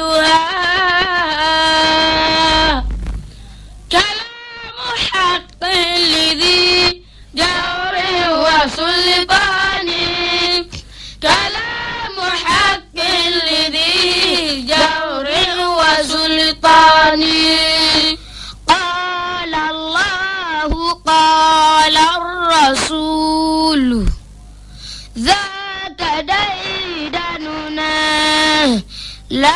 olhos لا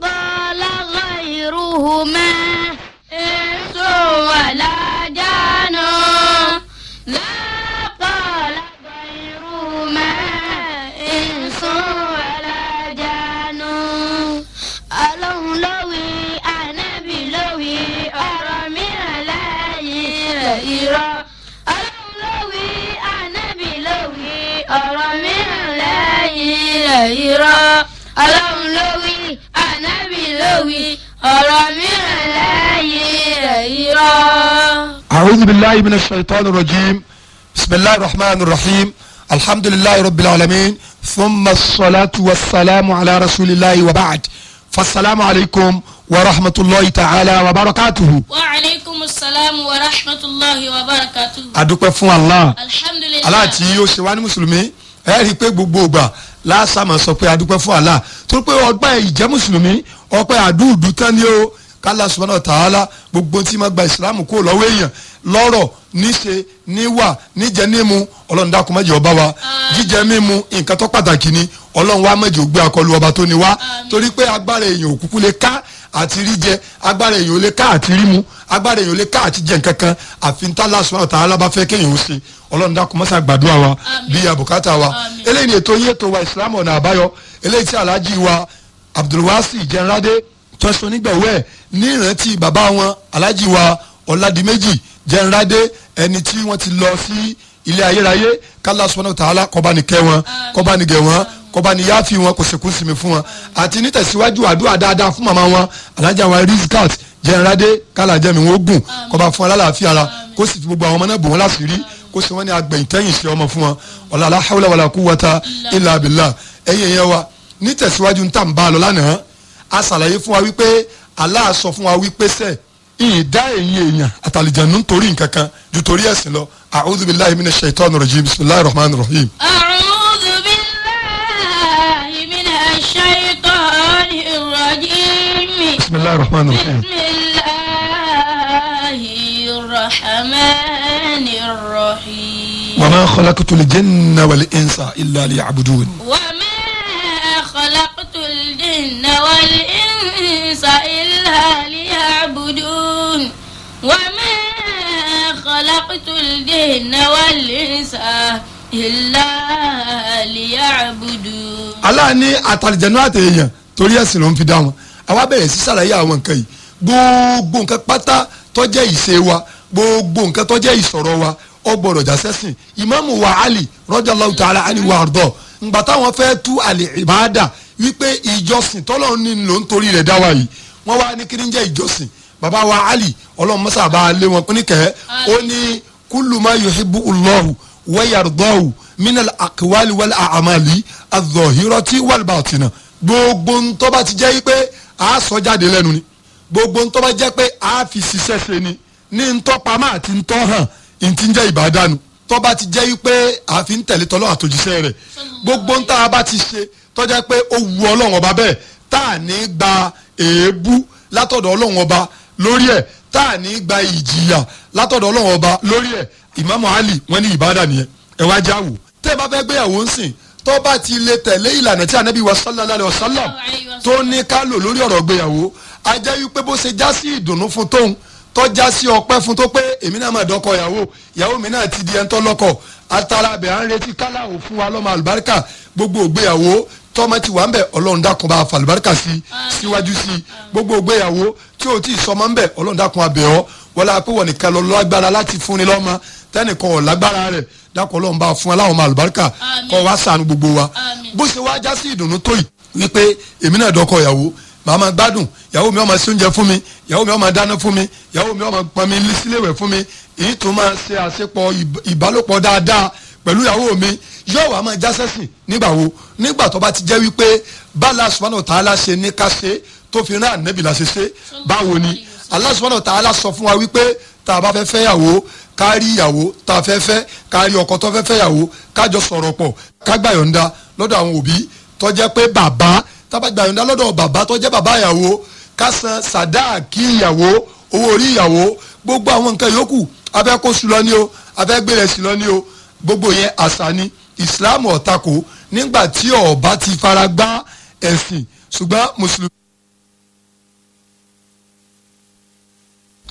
قال غيرهما أعوذ بالله من الشيطان الرجيم بسم الله الرحمن الرحيم الحمد لله رب العالمين ثم الصلاة والسلام على رسول الله وبعد فالسلام عليكم ورحمة الله تعالى وبركاته وعليكم السلام ورحمة الله وبركاته adúpẹ́ fún Allah alhamdulilayi Allah tí yóò ṣe wá ní mùsùlùmí ẹ rí i pé gbogbo ìgbà lásàmà sọ pé adúpẹ́ fún Allah torí kálá subhanahu wa ta'ala gbogbo tí ma gba ìsìlámù kó lọ́wọ́ èèyàn lọ́rọ̀ níṣe níwà níjẹ nímu ọlọ́run dákun má jẹ́ ó bá wa jíjẹ mímu nǹkan tó pàtàkì ni ọlọ́run wa má jẹ́ ó gbé akọlù ọba tó ni wa torí pé agbára èèyàn òkúkú lè ká àti rí jẹ agbára èèyàn ò lè ká àti rí mu agbára èèyàn ò lè ká àti jẹ nǹkan kan àfi ntàlá subhanahu wa ta'ala bá fẹ́ kéèyàn ó ṣe ọlọ́run dákun má gbàdúrà wa bíi àbùkátà wa eléyìí ni ètò yẹn wa ìsìlámù ọ̀nà àbáyọ eléyìí tọ́sán nígbà wẹ́ẹ̀ ní ìrántí bàbá wọn aláàjì wa ọ̀làdìmẹ́jì jẹ́nradé ẹni tí wọ́n ti lọ sí ilé ayérayé kálá subhanahu wa ta'ala kó bá ni wọn kó ni gẹ̀ wọn kó bá ni yáàfi wọn kò sèkú sinmi fún wọn àti nítẹ̀síwájú àdúrà dáadáa fún màmá wọn alájà wọn rizkat jẹ́nradé kálá jẹ́mi wọn gùn kó bá fún wọn lálàáfíà ara kó sì fi gbogbo àwọn ọmọ náà bò wọn láṣìírí kó sì wọn ní agbẹ̀yìntẹ́yìn sí ọmọ fún wọn ọ̀làlá hawla wàlà quwwata illa billah ẹ̀yìn ẹ̀yẹ wa nítẹ̀síwájú ń tà ń bá a lọ lánàá a ṣàlàyé fún wa wípé Allah sọ fún wa wípé sẹ́ ìyìn dá èyí èèyàn àtàlìjànú torí nǹkan kan ju torí ẹ̀sìn lọ a'udhu billahi minash shaitanir rajim bismillahir rahmanir rahim. a'udhu billahi rahim. bismillahir rahmanir rahim. wa ma khalaqtul illa liya'budun. ليعبدون وما خلقت الجن والإنس إلا ليعبدون Allah ní àtàlìjẹ̀nú àtẹ̀yàn torí ẹ̀sìn ló ń fi dá wọn àwa bẹ̀rẹ̀ sí ṣàlàyé àwọn nǹkan yìí gbogbo nǹkan pátá tó jẹ́ ìṣe wa gbogbo nǹkan tó jẹ́ ìsọ̀rọ̀ wa ó gbọ́dọ̀ jásẹ́sìn ìmáàmù wa Ali radiyallahu ta'ala anhu wa àrùdọ̀ ǹgbà táwọn fẹ́ tú àlè ìbáàdà wípé ìjọsìn tọ́lọ́run ló ń torí rẹ̀ dá wa yìí wọ́n wá ní kí ń jẹ́ ìjọsìn bàbá wa ali ọlọ́run mọ́sá bá a lé wọn oníkẹ́ ó ní kullu ma yuhibbu Allahu wa yardahu minal aqwali wal a'mali adh-dhahirati wal batina gbogbo ntọ́ ti jẹ́ pé a sọ jáde lẹ́nu ni gbogbo ntọ́ jẹ́ pé a fi ṣiṣẹ́ ṣe ni ní ntọ́ pamọ́ àti ntọ́ hàn ntí ń jẹ́ ìbádànù tọ́ ti jẹ́ pé a fi ń tẹ̀lé tọ́lọ́ àtòjíṣẹ́ rẹ̀ gbogbo ntọ́ a bá ti ṣe tọ́jà pé ó wu ọlọ́run ọba bẹ́ẹ̀ tá à ní gba èébú látọ̀dọ̀ ọlọ́run ọba lórí ẹ̀ tá à ní gba ìjìyà látọ̀dọ̀ ọlọ́run ọba lórí ẹ̀ ìmáàmù Ali wọ́n ní ìbádà nìyẹn ẹ wá já wò tẹ́ ẹ bá fẹ́ gbéyàwó ń sìn tó bá ti lè tẹ̀lé ìlànà tí anabi wa sallallahu alayhi wa sallam tó ní ká lò lórí ọ̀rọ̀ gbéyàwó a jẹ́ wípé bó ṣe já sí ìdùnnú fún tóun tó já sí ọpẹ́ fún tó pé èmi náà mà dọ́kọ ìyàwó ìyàwó mi náà ti di ẹni tó lọ́kọ bẹ̀ à ń retí kálá òfun wa lọ́mọ àlùbáríkà gbogbo ògbéyàwó tọ́mọ ti wà ń bẹ̀ ọlọ́run dákun bá falùbáríkà sí síwájú sí gbogbo ògbéyàwó tí o ti sọmọ ń bẹ̀ ọlọ́run dákun abẹ̀ ọ́ wọlé apẹ́wọ̀ nìkan lọ lágbára láti fúnni lọ́mọ tẹ́nìkan ọ̀ lágbára rẹ̀ dákun ọlọ́run bá fún aláwọ̀ malùbáríkà kọ́ wa ṣàánú gbogbo wa bó ṣe wá já sí ìdùnnú tó yìí wípé èmi náà dọ́kọ̀ ìyàwó màá ma gbádùn ìyàwó mi ó máa ṣe oúnjẹ fún mi ìyàwó mi ó dáná fún mi ìyàwó mi ó pọn mi síléèwẹ̀ fún mi èyí tó máa ṣe àṣepọ̀ ìbálòpọ̀ dáadáa pẹ̀lú ìyàwó mi yóò wá máa jásẹ́sìn nígbà wo nígbà tó bá ti jẹ́ wípé bala subhanahu ta'ala ṣe ní ká ṣe tó fi rán ànábì la ṣe ṣe báwo ni Allah subhanahu ta'ala sọ fún wa wípé tá a bá fẹ́ fẹ́ yàwó ká rí ìyàwó tá a fẹ́ fẹ́ ká rí ọkọ tó fẹ́ fẹ́ yàwó ká jọ sọ̀rọ̀ pọ̀ ká gbà yọ̀ǹda lọ́dọ̀ àwọn òbí tó jẹ́ pé bàbá tá a bá gbà yọ̀ǹda lọ́dọ̀ bàbá tó jẹ́ bàbá ìyàwó ká san sàdáàkì ìyàwó owó orí ìyàwó gbogbo àwọn nǹkan yòókù abẹ́ kó o abẹ́ gbèrè sí lọ o gbogbo yẹn àṣà ni islam ọ̀tako nígbà tí ọba ti fara gbá ẹ̀sìn ṣùgbọ́n mùsùlùmí.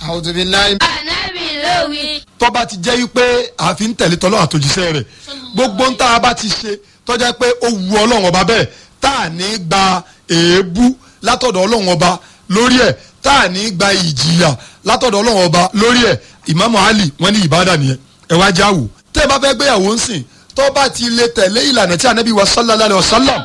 àwùjọ bíi náírà. ànábì ló wí. tọ́ba ti jẹ́ wípé àfi ń tẹ̀lé tọ́lọ́ àtòjíṣẹ́ rẹ̀ gbogbo ń tá a bá ti ṣe tọ́jà pé ó wu ọlọ́run ọba bẹ́ẹ̀ tá a ní gba èébú látọ̀dọ̀ ọlọ́run ọba lórí ẹ̀ tá a ní gba ìjìyà látọ̀dọ̀ ọlọ́run ọba lórí ẹ̀ ìmáàmù Ali wọ́n ní ìbádà nìyẹn ẹ wá jáwò tẹ́ ẹ bá fẹ́ gbéyàwó ń sìn tó bá ti lè tẹ̀lé ìlànà tí anabi wa sallallahu alayhi sallam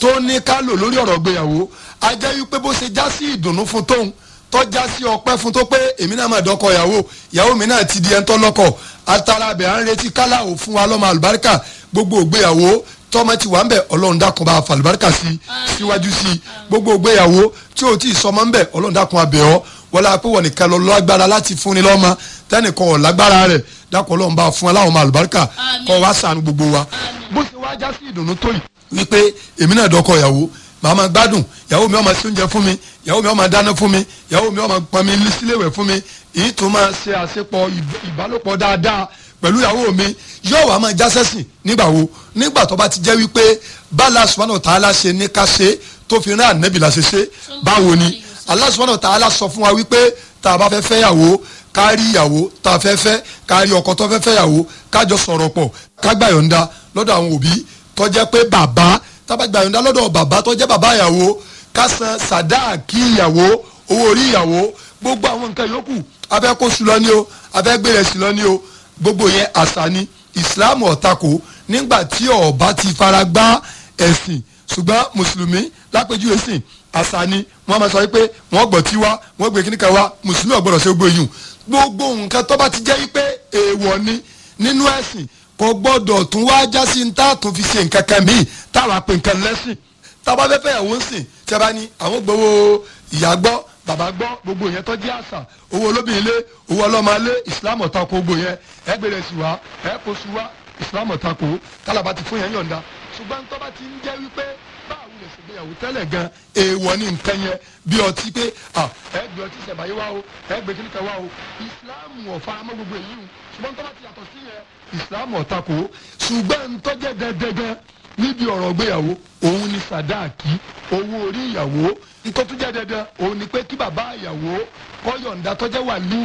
tó ní ká lò lórí ọ̀rọ̀ gbéyàwó a jẹ́ wípé bó ṣe já sí ìdùnnú fún tóun tó já sí ọpẹ́ fún tó pé èmi náà máa dọ́kọ ìyàwó ìyàwó mi náà ti di ẹni tó lọ́kọ atara bẹ̀ à ń retí káláwo fún wa lọ́mọ àlùbáríkà gbogbo ògbéyàwó tọ́mọ ti wà ń bẹ̀ ọlọ́run dákun bá fàlùbáríkà sí síwájú sí gbogbo ògbéyàwó tí o ti sọmọ ń bẹ̀ ọlọ́run dákun abẹ̀ ọ́ wọlé apẹ́wọ̀ nìkan lọ lágbára láti fúnni lọ́mọ tẹ́nìkan ọ̀ lágbára rẹ̀ dákọ̀ ọlọ́run bá fún aláwọ̀ máa lùbáríkà kọ́ wa sànù gbogbo wa bó ṣe wá já sí ìdùnnú tó yìí wípé èmi náà dọ́kọ̀ ìyàwó màá ma gbádùn ìyàwó mi ó máa ṣe oúnjẹ fún mi ìyàwó mi ó máa dáná fún mi ìyàwó mi ó máa pọn mi síléèwẹ̀ fún mi èyí tó máa ṣe àṣepọ̀ ìbálòpọ̀ dáadáa pẹ̀lú ìyàwó mi yóò wá máa jásẹ́sìn nígbà wo nígbà tó bá ti jẹ́ wípé bálá subhanahu tá a bá fẹ́ fẹ́ yàwó ká rí ìyàwó tá a fẹ́ fẹ́ ká rí ọkọ tó fẹ́ fẹ́ yàwó ká jọ sọ̀rọ̀ pọ̀ ká gbà yọ̀ǹda lọ́dọ̀ àwọn òbí tó jẹ́ pé bàbá tá a bá gbà yọ̀ǹda lọ́dọ̀ bàbá tó jẹ́ bàbá ìyàwó ká san sàdáàkì ìyàwó owó orí ìyàwó gbogbo àwọn nǹkan yòókù abẹ́ kó su lọ ní o abẹ́ gbèrè sí lọ ní o gbogbo yẹn àṣà ni ìsìláàmù ọ̀tako nígbà tí ọ̀ọ́bá ti fara ẹ̀sìn ṣùgbọ́n mùsùlùmí lápèjúwe sìn àṣà ni wọ́n máa sọ pé wọ́n gbọ́ tiwa wọ́n gbé kíníkà wa mùsùlùmí ọ̀gbọ́dọ̀ ṣe gbé yùn gbogbo nǹkan tó bá ti jẹ́ pé èèwọ̀ ni nínú ẹ̀sìn kò gbọ́dọ̀ tún wá jásí níta tún fi ṣe nǹkan kan míì táwa pè nǹkan lẹ́sìn táwa fẹ́ fẹ́ ẹ̀wọ̀n sìn tí a àwọn gbowó ìyá gbọ́ bàbá gbọ́ gbogbo yẹn tó àṣà owó olóbìnrin lé owó ọlọ́mọ lé Islam ọ̀tako gbogbo yẹn ẹgbẹ̀rẹ̀ sí wa ẹ̀ sí wa Islam ọ̀tako tálábà ti fún yẹn yọ̀ǹda ṣùgbọ́n tó bá ti ń jẹ́ wípé bá àwọn ilẹ̀ ṣègbéyàwó tẹ́lẹ̀ gan èèwọ̀ ní nǹkan yẹn bí ọtí pé ẹ ọtí ṣẹ̀báyé wá o ẹ gbé kíníkà wá o ìsìláàmù ọ̀fà amọ́ gbogbo èyí o ṣùgbọ́n tó bá ti yàtọ̀ sí yẹn ìsìláàmù ọ̀tà kò ṣùgbọ́n ń tọ́jẹ́ dẹ́dẹ́gẹ́ níbi ọ̀rọ̀ gbéyàwó òun ni sàdáàkì owó orí ìyàwó ìtọ́tún jẹ́ dandan òun ni pé kí bàbá ìyàwó kọ́yọ̀ǹda tọ́jẹ́ wà ní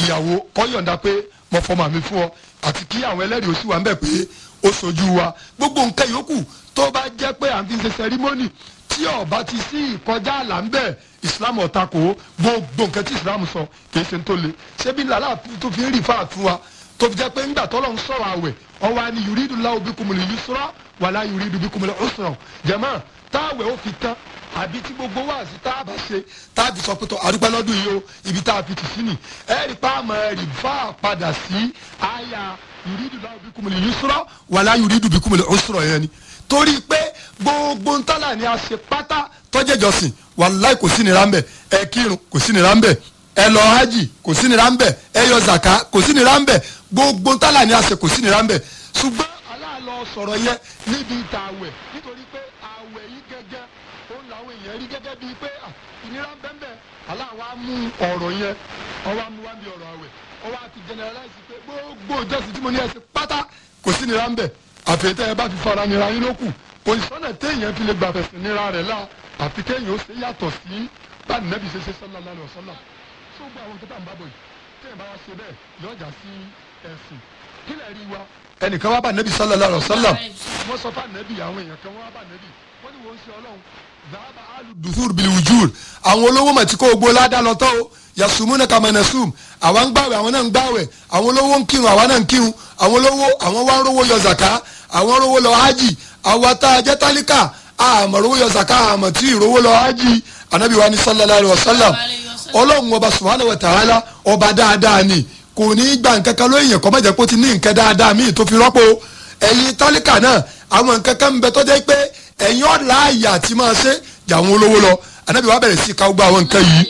ìyàwó kọ́yọ̀ǹda pé mo mi fún ọ àti kí àwọn ẹlẹ́rìí ó sì ń bẹ̀ pé ó sojú wa gbogbo nǹkan yòókù tó bá jẹ́ pé à ń fi ṣe sẹrímọ́nì tí ọba ti sí ìkọjá àlà ń bẹ̀ islam ọ̀tako gbogbo nǹkan tí islam sọ kìí ṣe tó le ṣé bí làlá tó fi ń rì fáà fún wa tó fi jẹ́ pé ńgbà tọ́lọ́ ń sọ̀rọ̀ àwẹ̀ ọwọ́ ni yuridu Allahu bikumul yusra wala yuridu bikumul usra jẹ̀mọ́ táwẹ̀ ó fi tán àbí tí gbogbo wà sí tá a bá ṣe tá a fi sọ pé tó àdúgbò lọ́dún yìí o ibi tá a tì sí nì ẹ̀ẹ́dì pàmò ẹ̀rì fáà padà sí àyà yuridu la bikumul yusra wala yuridu bikumul usra yẹn ni torí pé gbogbo ntọ́là ni a ṣe pátá tọ́jẹ́jọsìn wàláì kò sí nira ń bẹ̀ ẹ kírun kò sí nira ń bẹ̀ ẹ lọ hajj kò sí nira ń bẹ̀ ẹ yọ zaka kò sí nira ń bẹ̀ gbogbo ntọ́là ni a ṣe kò sí nira ń bẹ̀ ṣùgbọ́n aláàlọ́ sọ̀rọ̀ yẹn níbi ìta àwẹ̀ nítorí pé àwẹ̀ yìí gẹ́gẹ́ òun làwọn èèyàn rí gẹ́gẹ́ bíi pé ah, ìnira ń bẹ́ẹ̀ bẹ́ẹ̀ aláwa mú ọ̀rọ̀ yẹn ọwọ́ mú wá bí ọ̀rọ̀ àwẹ̀ ó wá ti generalize pé gbogbo ìjọsìn tí mo ní ẹ ṣe pátá kò sí nira ń bẹ̀ àfẹ́tẹ́ ẹ bá fi fara nira yín lókù kò téèyàn fi lè gbàfẹ̀sìn nira rẹ̀ la àfi kéèyàn ó ṣe yàtọ̀ sí bá nàbì ṣe ṣe sọ́nà lálẹ́ ọ̀sọ́nà tó gbọ́ àwọn tẹ́tà ń bá bọ̀ yìí téèyàn bá wá ṣe bẹ́ẹ̀ yọjà sí ẹ̀sìn kílẹ̀ rí wa. ẹnìkan wá bá nàbì sọ́nà lálẹ́ ọ̀sọ́nà wọ́n sọ fún nàbì àwọn èèyàn kan wọ́n wá bá nàbì wọ́n ní wọ́n ń ṣe ọlọ́run zàábà alùdùsùr bìlì àwọn olówó mọ̀ tí kò gbó ládàá lọ́tọ́ o yasumuna kama nasum àwa ń gbàwẹ̀ àwọn náà ń gbàwẹ̀ àwọn olówó ń kírun àwa náà ń kírun àwọn olówó àwọn wá rówó yọ zaka àwọn rówó lọ hájì àwa tá a jẹ́ tálíkà rówó yọ zaka àmọ́ tí ìrówó lọ hájì anabi wa ni sallallahu alayhi wa sallam ọlọ́run ọba subhanahu wa ta'ala ọba dáadáa ni kò ní í gba nǹkan kan lóyìn ẹ̀kọ́ mọ̀jẹ̀ kó ti ní nǹkan dáadáa míì tó fi rọ́pò ẹ̀yin tálíkà náà àwọn nǹkan ń bẹ tó jẹ́ pé ẹ̀yin ọ̀la àyà àti máa ṣe jà àwọn olówó lọ anabi wa bẹ̀rẹ̀ sí ka gbogbo àwọn nǹkan yìí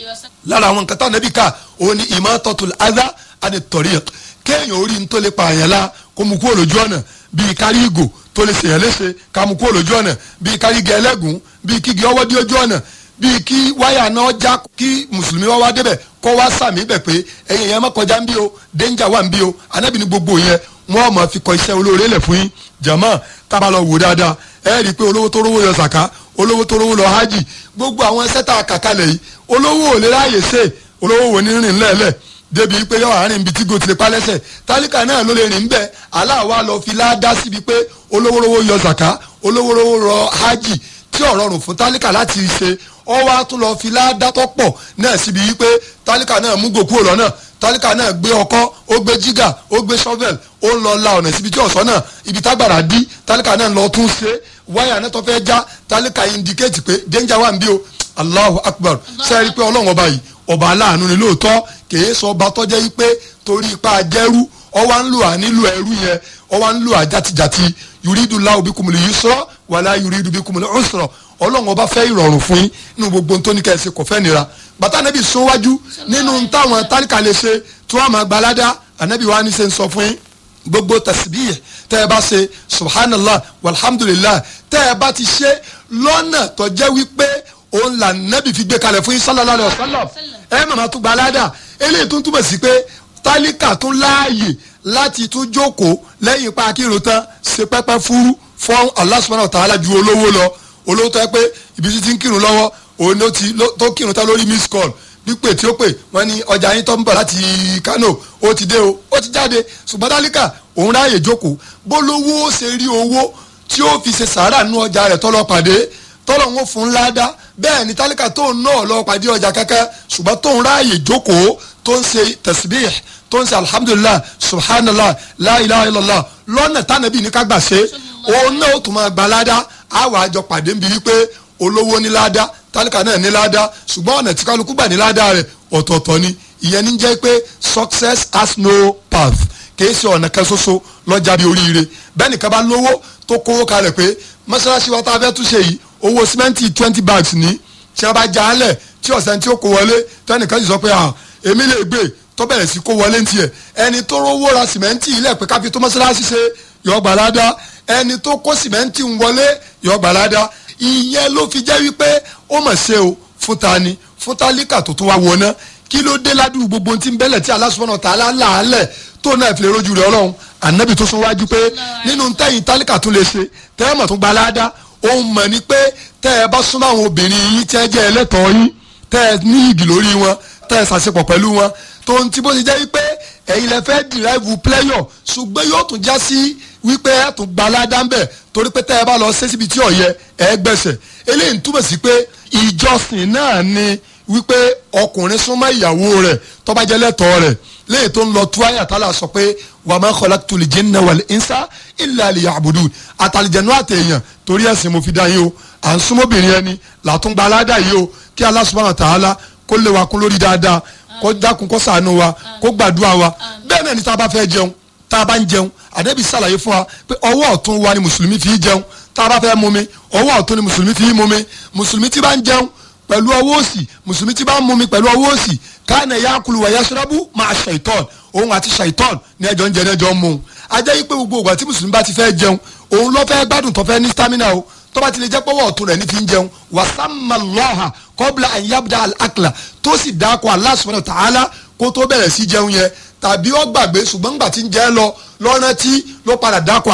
lára àwọn nǹkan tánàbí ká òun ni imatatul adha àti tariq kéèyàn orí ń tó lè pa àyàn la kó mu kúrò lójú ọ̀nà bíi kárí ìgò tó lè ṣèyàn léṣe ká mu kúrò lójú ọ̀nà bíi kárí igi ẹlẹ́gùn bíi kígi ọwọ́ dí ojú ọ̀nà bíi kí wáyà náà já kí mùsùlùmí wá wá débẹ̀ kọ́ wá sàmì bẹ̀ pé ẹ̀yìn yẹn má kọjá ń bí o danger wà ń bí o anábì ní gbogbo yẹn wọ́n mọ̀ fi kọ iṣẹ́ olóore lẹ̀ fún yín jàmọ́ tá a lọ wò dáadáa ẹ rí i pé olówó tó rówó yọ sàká olówó tó rówó lọ hájì gbogbo àwọn iṣẹ́ tá a kà kalẹ̀ yìí olówó ò lè ráàyè ṣe olówó wò ní rìn lẹ́lẹ̀ débi pé yọ àárín ibi tí gòtìlẹ̀ palẹ́sẹ̀ tálíkà náà ló lè rìn bẹ́ẹ̀ aláwa lọ fi láàdá síbi pé olówórówó yọ zaka olówórówó rọ hajj tí ò rọrùn fún tálíkà láti ṣe ọ wá tún lọ fi láàdá tó pọ̀ náà síbi wípé tálíkà náà mú gòkú òlọ́ náà tálíkà náà gbé ọkọ́ ó gbé jígà ó gbé shovel ó ń lọ la ọ̀nà síbi tí ọ̀sán náà ibi tágbàrà dí tálíkà náà lọ tún ṣe wáyà náà tó fẹ́ já tálíkà indicate pé danger wà ń bí o allahu akbar sẹ́ẹ̀rí pé ọlọ́run ọba yìí ọba aláàánú ni lóòótọ́ kìí sọ ọba tọ́jẹ́ yìí pé torí ipa ajẹ́rú ọwá ń lò à nílò yẹn ọwá ń lò à jàtijàti yuridu lahu bikumul yusra wala yuridu bikumul usra ọlọ́run ọba fẹ́ ìrọ̀rùn fún yín nínú gbogbo tó ní kẹ́ ẹ ṣe kò fẹ́ nira bàtà nẹ́bí sọ́wájú nínú táwọn tálíkà lè ṣe tí wọ́n gbalada ànẹ́bí wa ní ṣe ń sọ fún yín gbogbo tasibiyẹ tẹ́ ẹ bá ṣe subhanallah walhamdulillah tẹ́ ẹ bá ti ṣe lọ́nà tó wípé òun là nẹ́bì fi gbé kalẹ̀ fún sallallahu alaihi wasallam ẹ màmá tó gba aládà eléyìí tó ń túbọ̀ sí pé tálíkà tún láàyè láti tún jókòó lẹ́yìn ipa akírun tán ṣe pẹ́pẹ́ fúrú fún Allah subhanahu wa ta'ala ju olówó lọ olówó tó yẹ pé ibi tí ti ń kírun lọ́wọ́ òun tó kírun tán lórí miss call pípé tí ó pè wọ́n ní ọjà yín tó ń bọ̀ láti Kano ó ti dé o ó ti jáde ṣùgbọ́n tálíkà òun ráàyè jókòó bólówó ṣe rí owó tí ó fi ṣe sàárà nú ọjà rẹ̀ tọ́lọ́ pàdé tọ́lọ́ ń fún ládàá bẹ́ẹ̀ ni tálíkà tóun náà lọ pàdé ọjà kankan ṣùgbọ́n tóun ráàyè jókòó tó ń ṣe tẹ̀síbíyà tó ń ṣe alhamdulilah subhanallah la ilaha illallah lọ́nà tánàbí ní ká ṣe òun náà ó tún máa gba ládá àwọn àjọ pàdé ń bi wípé olówó ní ládá tálíkà náà ní ládá ṣùgbọ́n ọ̀nà tí kálukú gbà ní ládá rẹ̀ ọ̀tọ̀ọ̀tọ̀ ni ìyẹn ní jẹ́ pé success has no path kìí ṣe ọ̀nà kan ṣoṣo lọ́jà bí oríire bẹ́ẹ̀ nìkan bá lówó tó kówó kalẹ̀ pé mọ́ṣáláṣí wa tá a fẹ́ túnṣe yìí owó simenti twenty bags ni tí a bá já á lẹ̀ tí ọ̀sẹ̀ tí ó kó wọlé tẹ́nìkan sì sọ pé èmi lè gbé tó bẹ̀rẹ̀ sí kó wọlé tiẹ̀ ẹni tó rówó ra simenti ilẹ̀ pé káfí tó mọ́sálásí ṣe yọ gbàládá ẹni tó kó simenti ń wọlé yọ gbàládá ìyẹn ló fi jẹ́ wípé ó mọ̀ ṣe o fún ta ni fún tálíkà tó tún wá wọná kí ló dé ládùúgbò gbogbo tí ń bẹ́lẹ̀ tí aláṣọ́nà tààlà làálẹ̀ tó náà fi lè rojú rẹ̀ ọlọ́run ànábì tó sún wájú pé nínú tẹ́yìn tálíkà tún lè ṣe tẹ́ẹ̀mọ̀ tún gba òun mọ̀ ni pé tẹ́ ẹ bá súnmọ́ àwọn obìnrin yín tí ẹ jẹ́ ẹlẹ́tọ̀ọ́ yín tẹ́ ẹ ní ìgì lórí wọn tẹ́ ẹ ṣàṣepọ̀ pẹ̀lú wọn tó ń ti bó ṣe jẹ́ wípé ẹ̀yin lẹ fẹ́ dìrẹ́vù pléyọ̀ ṣùgbọ́n yóò tún já sí wípé ẹ tún gba aládàmbẹ̀ torí pé tẹ́ ẹ bá lọ ṣe síbi tí ó ẹ gbẹ̀ṣẹ̀ eléyìí túmọ̀ sí pé ìjọsìn náà ni wípé ọkùnrin súnmọ́ ìyàwó rẹ̀ tó bá jẹ́ lẹ́tọ̀ọ́ rẹ̀ léyìí tó ń lọ tú àyà tá a la sọ pé wa ma khalaqtul jinna wal insa illa liya'budun àtàlìjẹ̀nú àtẹ̀yàn torí ẹ̀sìn mo fi dá yín o à ń súnmọ́bìnrin ẹni làtúngbà aládà yìí o kí Allah subhanahu wa ta'ala kó lè wa kún lórí dáadáa kó dákun kó ṣàánú wa kó gbàdúrà wa bẹ́ẹ̀ náà ni tá a bá fẹ́ jẹun tá a bá ń jẹun àdébí sàlàyé fún wa pé ọwọ́ ọ̀tún wa ni mùsùlùmí fi jẹun tá a bá fẹ́ mumi ọwọ́ ọ̀tún ni mùsùlùmí fi mumi mùsùlùmí ti bá ń jẹun pẹ̀lú ọwọ́ òsì mùsùlùmí tí bá ń mumi pẹ̀lú ọwọ́ òsì káàna ya kulu wẹ̀yẹ sọ́dọ́bù máa ṣàìtọ́n òun àti ṣàìtọ́n ní ẹjọ́ ń jẹ ní ẹjọ́ ń mu ajá yìí pé gbogbo ìgbà tí mùsùlùmí bá ti fẹ́ jẹun òun ló fẹ́ gbádùn tó fẹ́ ní stamina o tó bá ti lè jẹ́ pọ́wọ́ ọ̀tún rẹ̀ ní fi ń jẹun wàsámàlọ́hà kọ́bla àyàbdà àkàlà tó sì dáko Allah ta'ala kó tó bẹ̀rẹ̀ sí jẹun yẹn tàbí ó gbàgbé ṣùgbọ́n ńgbà tí ń jẹ́ lọ lọ́rántí ló padà dáko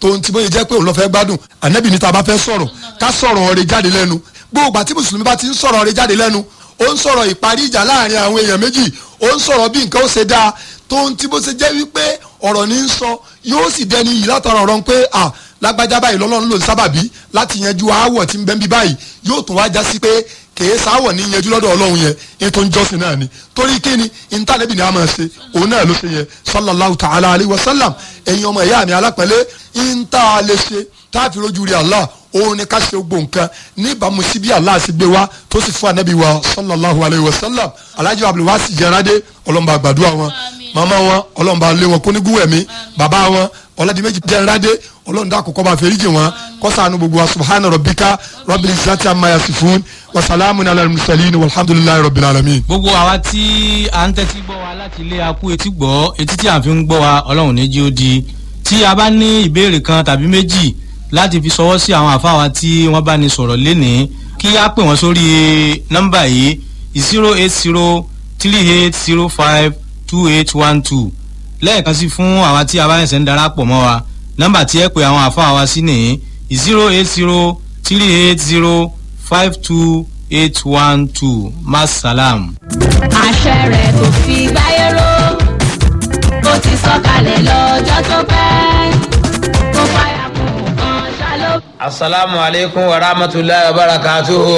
tòun ti bóyá jẹ́ pé òun lọ fẹ́ gbádùn ànábì ní ta bá fẹ́ sọ̀rọ̀ ká sọ̀rọ̀ ọ̀rẹ́ jáde lẹ́nu gbogbo àti mùsùlùmí bá ti ń sọ̀rọ̀ ọ̀rẹ́ jáde lẹ́nu ó ń sọ̀rọ̀ ìparí ìjà láàrin àwọn èèyàn méjì ó ń sọ̀rọ̀ bí nǹkan ó ṣe dáa tòun ti bó ṣe jẹ́ wípé ọ̀rọ̀ ní ń sọ yóò sì dẹni yìí látara ọ̀rọ̀ pé ah lágbájá báyìí lọ́lọ́run ló ń sábàbí láti yanjú aáwọ̀ tí ń bẹ́ ń bí báyìí yóò tún wá já sí pé kèé sáwọ̀ ní yanjú lọ́dọ̀ ọlọ́run yẹn ní tó ń jọ́sìn náà ni torí kí ni ìntànẹ́bì ni a máa ṣe òun náà ló ṣe yẹn sallallahu ta'ala alayhi wa sallam ẹ̀yin ọmọ ìyá mi alápẹ̀lẹ́ ìntà lè ṣe táàfin rojú rí Allah òun ni ká ṣe gbogbo nǹkan níbàámu sí bí Allah sì gbé wa tó sì fún anabi wa sallallahu alayhi wa sallam alhaji abdulwasi jẹnadé ọlọ́mọba àgbàdo àwọn màmá wọn ọlọ́mọba lé wọn kónígúwẹ̀mí bàbá wọn ọlọ́dìmẹ́jì dẹ́nradé ọlọ́run dá àkọ́kọ́ bá fẹ́ríjì wọn kọ́sàánú gbogbo wa subhana rabbika rabbil izzati amma yasifun wa salamun ala al-mursalin walhamdulillahi rabbil alamin. gbogbo àwa tí a ń tẹ́tí gbọ́ wa láti ilé akú etí gbọ́ etí tí a fi ń gbọ́ wa ọlọ́run ní jí ó di tí a bá ní ìbéèrè kan tàbí méjì láti fi ṣọwọ́ sí àwọn àfáwa tí wọ́n bá ní sọ̀rọ̀ lénìí kí a pè wọ́n sórí nọ́mbà yìí zero eight zero three eight zero five two eight one two lẹ́ẹ̀kan sí fún àwa tí a bá ẹ̀sẹ̀ ń darapọ̀ mọ́ wa nọ́mbà tí ẹ pè àwọn àfa wa sí nìyí zero eight zero three eight zero five two eight one two masalam. àṣẹ rẹ̀ kò fi gbáyé ró ó ti sọ̀kalẹ̀ lọ́jọ́ tó pẹ́ kó wa rahmatulahi wa barakatuhu.